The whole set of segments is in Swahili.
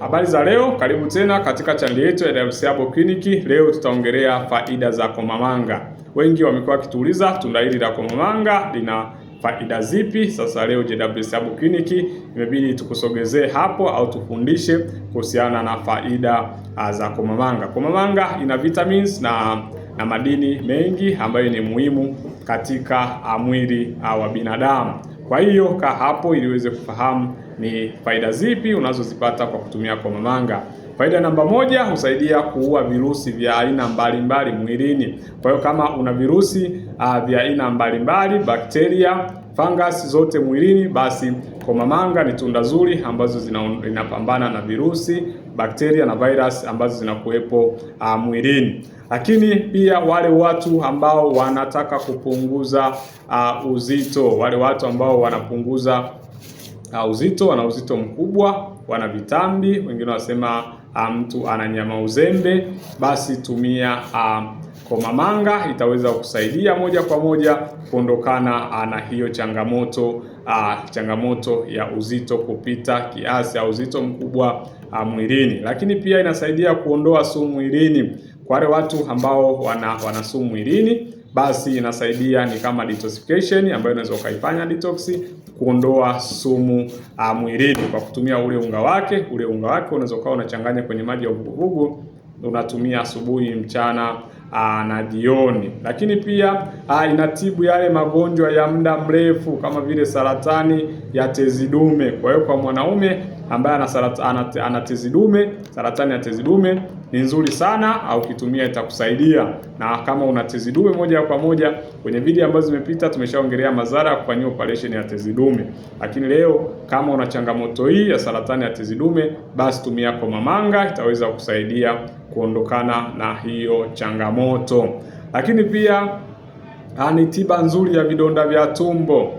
Habari za leo, karibu tena katika chaneli yetu ya Dr. Sabo Clinic. Leo tutaongelea faida za komamanga. Wengi wamekuwa wakituuliza tunda hili la komamanga lina faida zipi? Sasa leo JW Sabo Clinic imebidi tukusogezee hapo au tufundishe kuhusiana na faida za komamanga. Komamanga ina vitamins na na madini mengi ambayo ni muhimu katika mwili wa binadamu. Kwa hiyo kaa hapo ili uweze kufahamu ni faida zipi unazozipata kwa kutumia komamanga. Faida namba moja, husaidia kuua virusi vya aina mbalimbali mwilini. Kwa hiyo kama una virusi uh, vya aina mbalimbali, bakteria, fungus zote mwilini, basi komamanga ni tunda zuri ambazo zinapambana na virusi bakteria na virus ambazo zinakuwepo uh, mwilini. Lakini pia wale watu ambao wanataka kupunguza uh, uzito, wale watu ambao wanapunguza uh, uzito, wana uzito mkubwa, wana vitambi, wengine wanasema mtu ana nyama uzembe, basi tumia uh, Komamanga itaweza kusaidia moja kwa moja kuondokana ah, na hiyo changamoto uh, changamoto ya uzito kupita kiasi au uzito mkubwa uh, mwilini, lakini pia inasaidia kuondoa sumu mwilini kwa wale watu ambao wana, wana sumu mwilini basi inasaidia ni kama detoxification ambayo unaweza ukaifanya detox, kuondoa sumu uh, mwilini kwa kutumia ule unga wake. Ule unga wake unaweza ukawa unachanganya kwenye maji ya uvuguvugu, unatumia asubuhi, mchana aa, ah, na jioni. Lakini pia aa, ah, inatibu yale magonjwa ya muda mrefu kama vile saratani ya tezi dume. Kwa hiyo kwa mwanaume ambaye ana saratani ana tezi dume, saratani ya tezi dume ni nzuri sana au kitumia itakusaidia. Na kama una tezi dume moja kwa moja, kwenye video ambazo zimepita tumeshaongelea madhara ya kufanyia operation ya tezi dume. Lakini leo kama una changamoto hii ya saratani ya tezi dume, basi tumia mamanga itaweza kukusaidia kuondokana na hiyo changamoto. Lakini pia ah, ni tiba nzuri ya vidonda vya tumbo.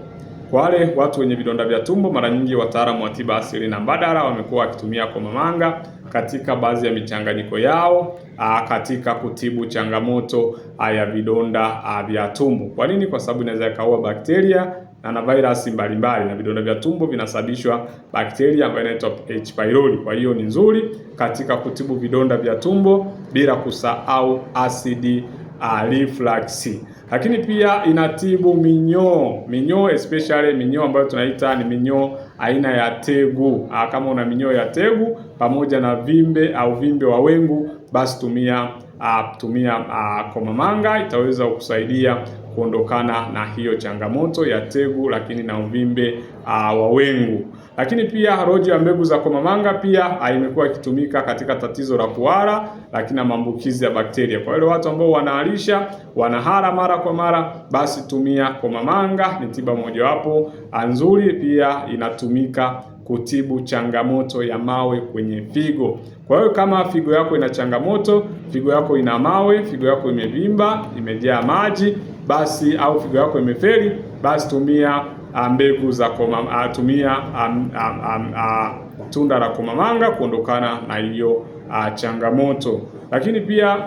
Kwa wale watu wenye vidonda vya tumbo, mara nyingi wataalamu wa tiba asili na mbadala wamekuwa wakitumia komamanga katika baadhi ya michanganyiko yao a, ah, katika kutibu changamoto a, ah, ya vidonda vya tumbo. Kwa nini? Kwa sababu inaweza ikaua bakteria na na virusi mbalimbali na vidonda vya tumbo vinasababishwa bakteria ambayo inaitwa H pylori. Kwa hiyo ni nzuri katika kutibu vidonda vya tumbo, bila kusahau acid uh, reflux. Lakini pia inatibu minyoo, minyoo especially minyoo ambayo tunaita ni minyoo aina ya tegu. Ah, kama una minyoo ya tegu pamoja na vimbe au vimbe wa wengu basi tumia uh, tumia uh, komamanga itaweza kukusaidia kuondokana na hiyo changamoto ya tegu, lakini na uvimbe uh, wa wengu. Lakini pia rojo ya mbegu za komamanga pia uh, imekuwa ikitumika katika tatizo la kuhara, lakini na maambukizi ya bakteria. Kwa wale watu ambao wanaalisha wanahara mara kwa mara, basi tumia komamanga, ni tiba mojawapo nzuri, pia inatumika kutibu changamoto ya mawe kwenye figo. Kwa hiyo kama figo yako ina changamoto, figo yako ina mawe, figo yako imevimba, imejaa maji, basi au figo yako imefeli, basi tumia ah, mbegu za koma, ah, tumia um, um, um, uh, tunda la komamanga kuondokana na hiyo uh, changamoto. Lakini pia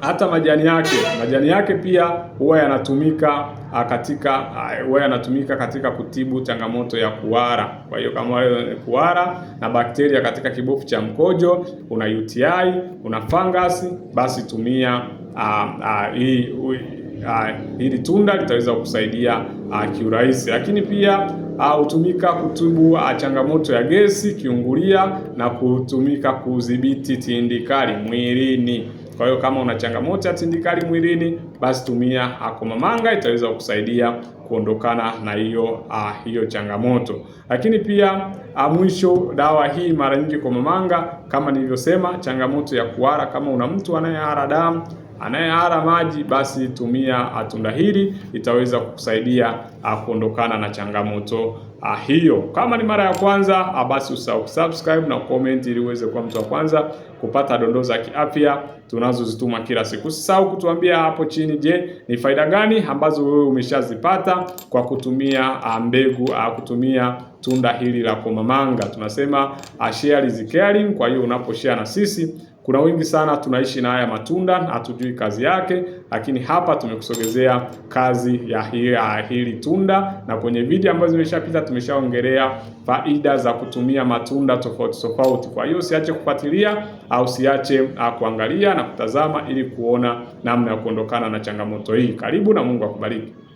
hata majani yake majani yake pia huwa yanatumika ah, katika ah, huwa yanatumika katika kutibu changamoto ya kuhara. Kwa hiyo kama wewe kuhara na bakteria katika kibofu cha mkojo, una UTI, una fungus, basi tumia ah, hii hili tunda litaweza kukusaidia kiurahisi, lakini pia hutumika uh, kutibu uh, changamoto ya gesi, kiungulia na kutumika kudhibiti tindikali mwilini. Kwa hiyo kama una changamoto ya tindikali mwilini, basi tumia akomamanga itaweza kukusaidia kuondokana na hiyo uh, hiyo changamoto. Lakini pia uh, mwisho dawa hii mara nyingi komamanga, kama nilivyosema, changamoto ya kuhara, kama una mtu anayehara damu anayehara maji basi tumia ah, tunda hili, itaweza kukusaidia kuondokana na changamoto ah, hiyo. Kama ni mara ya kwanza ah, basi usahau subscribe na comment ili uweze kuwa mtu wa kwanza kupata dondoo za kiafya tunazozituma kila siku. Usisahau kutuambia hapo chini, je, ni faida gani ambazo wewe umeshazipata kwa kutumia ah, mbegu ah, kutumia tunda hili la komamanga. Tunasema ah, share is caring. Kwa hiyo unaposhare na sisi kuna wingi sana tunaishi na haya matunda, hatujui kazi yake, lakini hapa tumekusogezea kazi ya hili, ya hili tunda, na kwenye video ambazo zimeshapita tumeshaongelea faida za kutumia matunda tofauti tofauti. Kwa hiyo usiache kufuatilia au usiache ah, kuangalia na kutazama ili kuona namna ya kuondokana na changamoto hii. Karibu na Mungu akubariki.